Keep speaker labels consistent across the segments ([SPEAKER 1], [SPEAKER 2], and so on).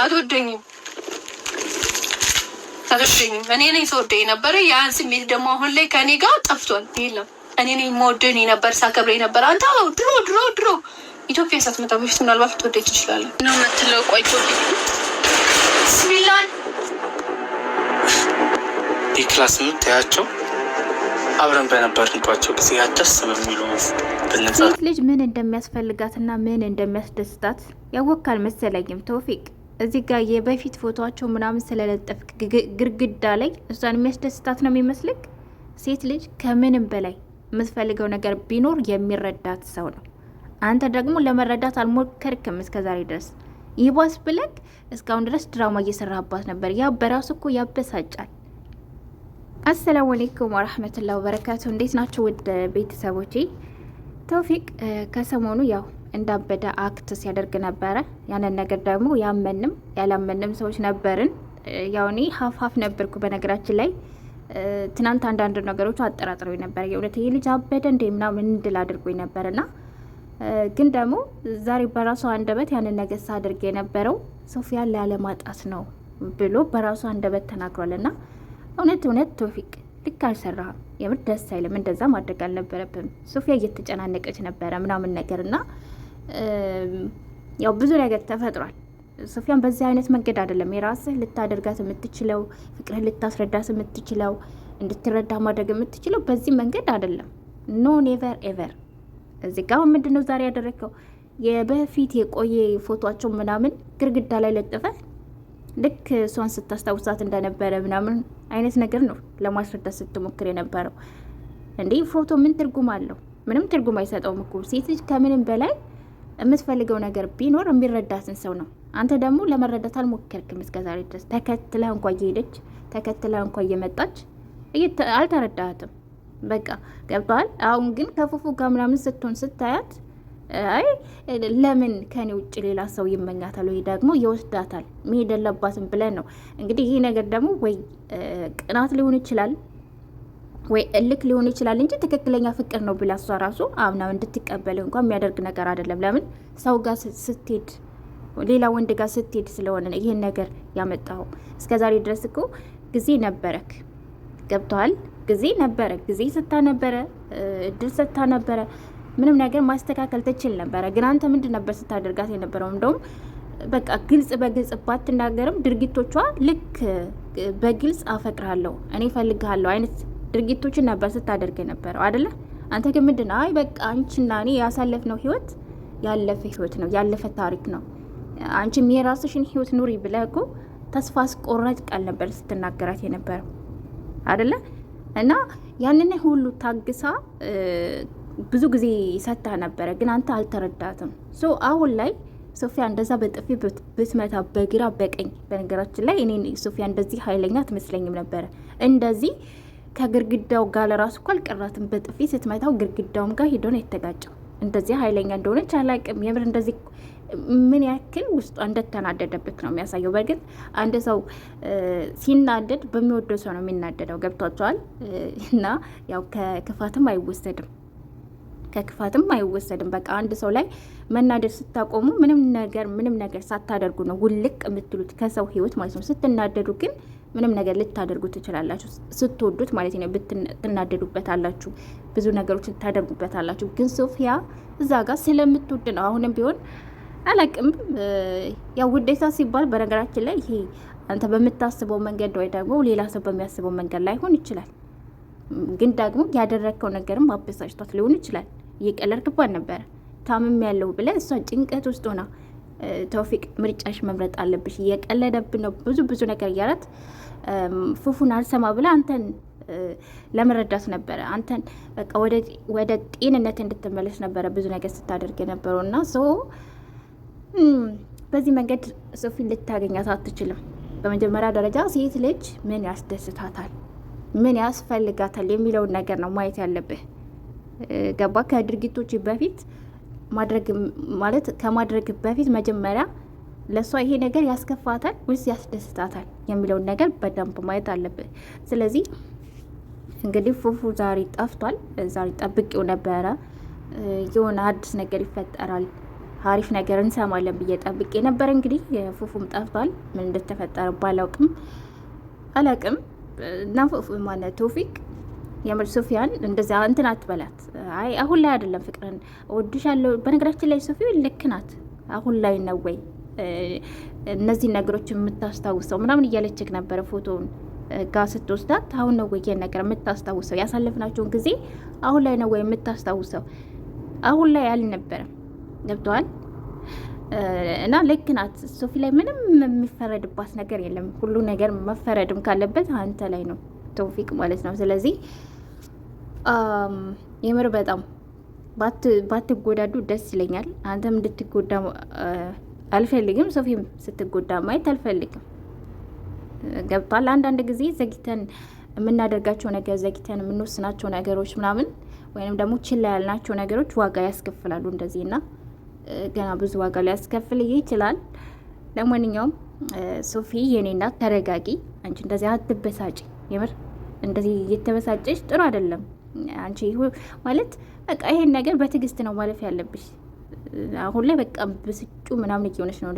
[SPEAKER 1] አትወደኝም እኔ ነኝ ስወደኝ ነበረ። ያን ስሜት ደግሞ አሁን ላይ ከኔ ጋር ጠፍቷል፣ የለም። እኔ ነኝ መወደኝ ነበር፣ ሳከብረኝ ነበር። አንተ ድሮ ድሮ ድሮ ኢትዮጵያ ሳትመጣ በፊት ምናልባት ልትወደኝ ትችላለህ ነው የምትለው። ቆይ ቢስሚላን
[SPEAKER 2] ክላስ የምታያቸው አብረን በነበርንባቸው ጊዜያት ደስ በሚሉ ሴት
[SPEAKER 1] ልጅ ምን እንደሚያስፈልጋትና ምን እንደሚያስደስታት ያወካል መሰለኝም ቶፊቅ። እዚህ ጋር የበፊት ፎቶቸው ምናምን ስለለጠፍ ግርግዳ ላይ እሷን የሚያስደስታት ነው የሚመስልክ? ሴት ልጅ ከምንም በላይ የምትፈልገው ነገር ቢኖር የሚረዳት ሰው ነው። አንተ ደግሞ ለመረዳት አልሞከርክም እስከዛሬ ድረስ። ይባስ ብለክ እስካሁን ድረስ ድራማ እየሰራህባት ነበር። ያ በራሱ እኮ ያበሳጫል። አሰላሙ አሌይኩም ወረህመቱላሂ ወበረካቱ። እንዴት ናቸው ውድ ቤተሰቦቼ? ተውፊቅ ከሰሞኑ ያው እንዳበደ አክት ሲያደርግ ነበረ። ያንን ነገር ደግሞ ያመንም ያላመንም ሰዎች ነበርን። ያው እኔ ሀፍ ነበርኩ። በነገራችን ላይ ትናንት አንዳንድ ነገሮች አጠራጥረው ነበር። የእውነት ይህ ልጅ አበደ እንደ ምናምን እንድል አድርጎ ነበርና ግን ደግሞ ዛሬ በራሱ አንደበት ያንን ነገር ሳድርግ የነበረው ሶፊያን ላለማጣት ነው ብሎ በራሱ አንደበት ተናግሯልና እውነት እውነት ቶፊቅ ልክ አልሰራህም። የምር ደስ አይልም። እንደዛ ማድረግ አልነበረብም። ሶፊያ እየተጨናነቀች ነበረ ምናምን ነገር እና ያው ብዙ ነገር ተፈጥሯል። ሶፊያን በዚህ አይነት መንገድ አይደለም የራስህ ልታደርጋት የምትችለው ፍቅርህ ልታስረዳት የምትችለው እንድትረዳ ማድረግ የምትችለው በዚህ መንገድ አይደለም። ኖ ኔቨር ኤቨር። እዚህ ጋር ምንድን ነው ዛሬ ያደረግከው? የበፊት የቆየ ፎቶቸው ምናምን ግርግዳ ላይ ለጥፈ ልክ እሷን ስታስታውሳት እንደነበረ ምናምን አይነት ነገር ነው ለማስረዳት ስትሞክር የነበረው። እንዴ ፎቶ ምን ትርጉም አለው? ምንም ትርጉም አይሰጠውም እኮ። ሴት ልጅ ከምንም በላይ የምትፈልገው ነገር ቢኖር የሚረዳትን ሰው ነው። አንተ ደግሞ ለመረዳት አልሞከርክም እስከዛሬ ድረስ። ተከትለህ እንኳ እየሄደች ተከትለህ እንኳ እየመጣች አልተረዳትም በቃ ገብተዋል። አሁን ግን ከፉፉ ጋር ምናምን ስትሆን ስታያት አይ ለምን ከኔ ውጭ ሌላ ሰው ይመኛታል ወይ ደግሞ ይወስዳታል መሄድ የለባትም ብለን ነው እንግዲህ። ይሄ ነገር ደግሞ ወይ ቅናት ሊሆን ይችላል ወይ እልክ ሊሆን ይችላል እንጂ ትክክለኛ ፍቅር ነው ብላ እሷ ራሱ አምና እንድትቀበል እንኳ የሚያደርግ ነገር አይደለም። ለምን ሰው ጋር ስትሄድ ሌላ ወንድ ጋር ስትሄድ ስለሆነ ይሄን ነገር ያመጣው። ዛሬ ድረስ እኮ ጊዜ ነበረክ፣ ገብተዋል። ጊዜ ነበረ፣ ጊዜ ስታ ነበረ፣ እድል ስታ ነበረ ምንም ነገር ማስተካከል ትችል ነበረ። ግን አንተ ምንድን ነበር ስታደርጋት የነበረው? እንደውም በቃ ግልጽ በግልጽ ባትናገርም ድርጊቶቿ ልክ በግልጽ አፈቅራለሁ እኔ ፈልግሃለሁ አይነት ድርጊቶችን ነበር ስታደርግ የነበረው አደለ? አንተ ግን ምንድን አይ በቃ አንቺና እኔ ያሳለፍነው ህይወት ያለፈ ህይወት ነው፣ ያለፈ ታሪክ ነው። አንቺም የራስሽን ህይወት ኑሪ ብለህ እኮ ተስፋ አስቆራጭ ቃል ነበር ስትናገራት የነበረው አደለ? እና ያንን ሁሉ ታግሳ ብዙ ጊዜ ሰታ ነበረ፣ ግን አንተ አልተረዳትም። ሶ አሁን ላይ ሶፊያ እንደዛ በጥፊ ብትመታ በግራ በቀኝ በነገራችን ላይ እኔ ሶፊያ እንደዚህ ኃይለኛ አትመስለኝም ነበረ እንደዚህ ከግርግዳው ጋር ለራሱ እኮ አልቀራትም። በጥፊ ስትመታው ግርግዳውም ጋር ሄዶ ነው የተጋጨው። እንደዚህ ኃይለኛ እንደሆነች አላቅም። የምር እንደዚህ ምን ያክል ውስጧ እንደተናደደበት ነው የሚያሳየው። በእርግጥ አንድ ሰው ሲናደድ በሚወደው ሰው ነው የሚናደደው። ገብቷቸዋል። እና ያው ከክፋትም አይወሰድም ከክፋትም አይወሰድም። በቃ አንድ ሰው ላይ መናደድ ስታቆሙ ምንም ነገር ምንም ነገር ሳታደርጉ ነው ውልቅ የምትሉት ከሰው ህይወት ማለት ነው። ስትናደዱ ግን ምንም ነገር ልታደርጉ ትችላላችሁ። ስትወዱት ማለት ነው ትናደዱበት አላችሁ፣ ብዙ ነገሮች ታደርጉበት አላችሁ። ግን ሶፊያ እዛ ጋር ስለምትወድ ነው። አሁንም ቢሆን አላቅም ያው ውዴታ ሲባል በነገራችን ላይ ይሄ አንተ በምታስበው መንገድ ወይ ደግሞ ሌላ ሰው በሚያስበው መንገድ ላይሆን ይችላል። ግን ደግሞ ያደረግከው ነገርም አበሳጭቷት ሊሆን ይችላል። እየቀለድክባት ነበር ታምም ያለው ብለን እሷን ጭንቀት ውስጥ ሆና ተውፊቅ ምርጫሽ መምረጥ አለብሽ፣ እየቀለደብን ነው ብዙ ብዙ ነገር እያላት ፉፉን አልሰማ ብላ አንተን ለመረዳት ነበረ። አንተን በቃ ወደ ጤንነት እንድትመለስ ነበረ ብዙ ነገር ስታደርግ የነበረው እና ሰው በዚህ መንገድ ሶፊን ልታገኛት አትችልም። በመጀመሪያ ደረጃ ሴት ልጅ ምን ያስደስታታል፣ ምን ያስፈልጋታል የሚለውን ነገር ነው ማየት ያለብህ። ገባ ከድርጊቶች በፊት ማድረግ ማለት ከማድረግ በፊት መጀመሪያ ለእሷ ይሄ ነገር ያስከፋታል ወይስ ያስደስታታል የሚለውን ነገር በደንብ ማየት አለብህ። ስለዚህ እንግዲህ ፉፉ ዛሬ ጠፍቷል። ዛሬ ጠብቄው ነበረ የሆነ አዲስ ነገር ይፈጠራል አሪፍ ነገር እንሰማለን ብዬ ጠብቄ ነበር። እንግዲህ ፉፉም ጠፍቷል። ምን እንደተፈጠረ ባላውቅም አላውቅም እና ፉፉ ማለት ቶፊቅ የምር ሶፊያን እንደዚያ እንትን አትበላት። አይ አሁን ላይ አይደለም ፍቅርን እወድሻለሁ። በነገራችን ላይ ሶፊ ልክ ናት። አሁን ላይ ነው ወይ እነዚህ ነገሮች የምታስታውሰው ምናምን እያለችክ ነበረ ፎቶውን ጋ ስትወስዳት አሁን ነው ወይ ነገር የምታስታውሰው? ያሳለፍናቸውን ጊዜ አሁን ላይ ነው ወይ የምታስታውሰው? አሁን ላይ አልነበረም። ገብተዋል እና ልክ ናት ሶፊ ላይ ምንም የሚፈረድባት ነገር የለም። ሁሉ ነገር መፈረድም ካለበት አንተ ላይ ነው ቶፊቅ ማለት ነው። ስለዚህ የምር በጣም ባትጎዳዱ ደስ ይለኛል። አንተም እንድትጎዳ አልፈልግም፣ ሶፊም ስትጎዳ ማየት አልፈልግም። ገብቷል። አንዳንድ ጊዜ ዘግተን የምናደርጋቸው ነገር ዘግተን የምንወስናቸው ነገሮች ምናምን ወይንም ደግሞ ችላ ያልናቸው ነገሮች ዋጋ ያስከፍላሉ። እንደዚህና ገና ብዙ ዋጋ ሊያስከፍል ይችላል። ለማንኛውም ሶፊ የኔ እናት ተረጋጊ። አንቺ እንደዚህ አትበሳጭ። የምር እንደዚህ እየተበሳጨች ጥሩ አይደለም። አንቺ ማለት በቃ ይሄን ነገር በትዕግስት ነው ማለፍ ያለብሽ። አሁን ላይ በቃ ብስጩ ምናምን እየሆነች ነው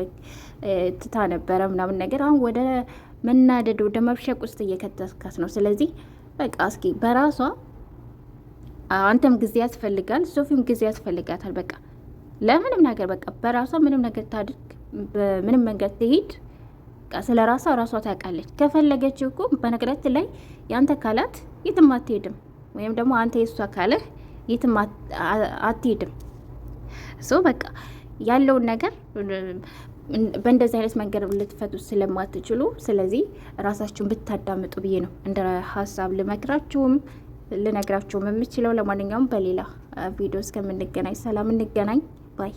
[SPEAKER 1] ትታ ነበረ ምናምን ነገር አሁን ወደ መናደድ ወደ መብሸቅ ውስጥ እየከተትካት ነው። ስለዚህ በቃ እስኪ በራሷ አንተም ጊዜ ያስፈልጋል፣ ሶፊም ጊዜ ያስፈልጋታል። በቃ ለምንም ነገር በቃ በራሷ ምንም ነገር ታድርግ፣ በምንም መንገድ ትሄድ፣ ስለ ራሷ ራሷ ታውቃለች። ከፈለገችው እኮ በነገራችን ላይ ያንተ ካላት የትም አትሄድም። ወይም ደግሞ አንተ የእሷ ካለህ የትም አትሄድም። ሶ በቃ ያለውን ነገር በእንደዚህ አይነት መንገድ ልትፈቱ ስለማትችሉ ስለዚህ ራሳችሁን ብታዳምጡ ብዬ ነው እንደ ሀሳብ ልመክራችሁም ልነግራችሁም የምችለው። ለማንኛውም በሌላ ቪዲዮ እስከምንገናኝ ሰላም እንገናኝ ባይ